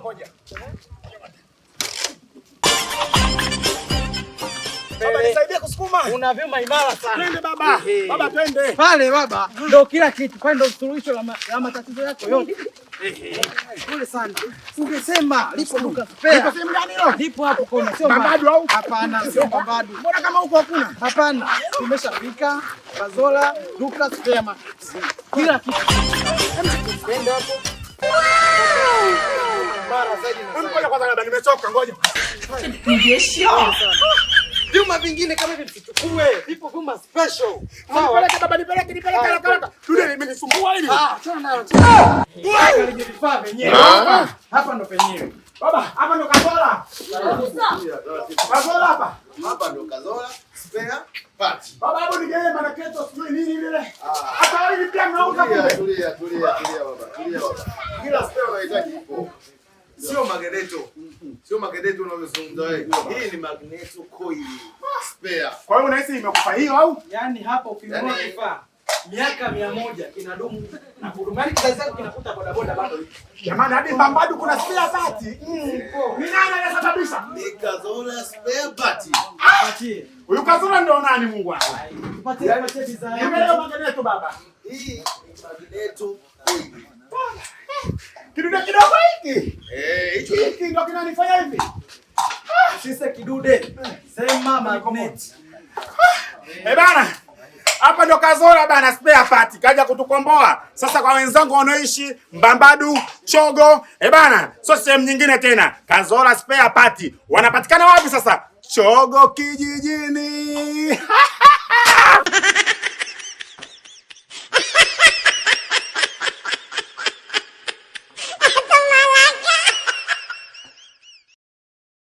ngoja. Baba eh, nisaidie kusukuma. Una vyuma imara sana. Twende baba. Eh. Baba twende. Pale baba. Ndio kila kitu. Kwani ndio suluhisho la matatizo yako yote. Eh, Pole sana. Ungesema lipo duka spare. Lipo sehemu gani hilo? Lipo hapo kona. Sio Babadu au? Hapana, sio Babadu. Mbona kama huko hakuna? Hapana. Tumeshafika Bazola duka spare. Kila kitu. Twende hapo. Ngoja kwanza, labda nimechoka, ngoja. Vyuma vingine kama hivi tuchukue. Vipo vyuma special. Nipeleke baba, nipeleke, nipeleke haraka haraka. Dude, imenisumbua hili. Ah, chana nalo. Nipeleke ah! vifaa vyenyewe. Ah! Hapa ndo penyewe. Baba, hapa ndo kazola. Kazola hapa. Hapa ndo kazola. Spare Baba, hapo ni gani sijui nini ile. Ah. Hata wewe pia mnauza kule. Tulia, tulia, tulia baba. Tulia baba. Kila spare unahitaji ipo. Sio magneto. Sio magneto unavyozungumza wewe. Hii ni magneto coil spare. Kwa hiyo unahisi imekufa hiyo au? Yaani hapa ukinunua yaani- kifaa miaka 100 kinadumu na kurumani kazi zako kinakuta boda boda bado. Jamani hadi bambadu kuna spare part. Mm. Ni nani anasababisha? Ni Kazola spare part. Huyu Kazura ndio nani Mungu wangu? Tupatie magneto baba. Hii magneto Dude, eh, sema magnet. Ah! Eh, bana hapa ndo Kazola bana, spare part kaja kutukomboa sasa. Kwa wenzangu wanaoishi Mbambadu Chogo, eh bana, sio sehemu nyingine tena. Kazola spare part wanapatikana wapi sasa? Chogo kijijini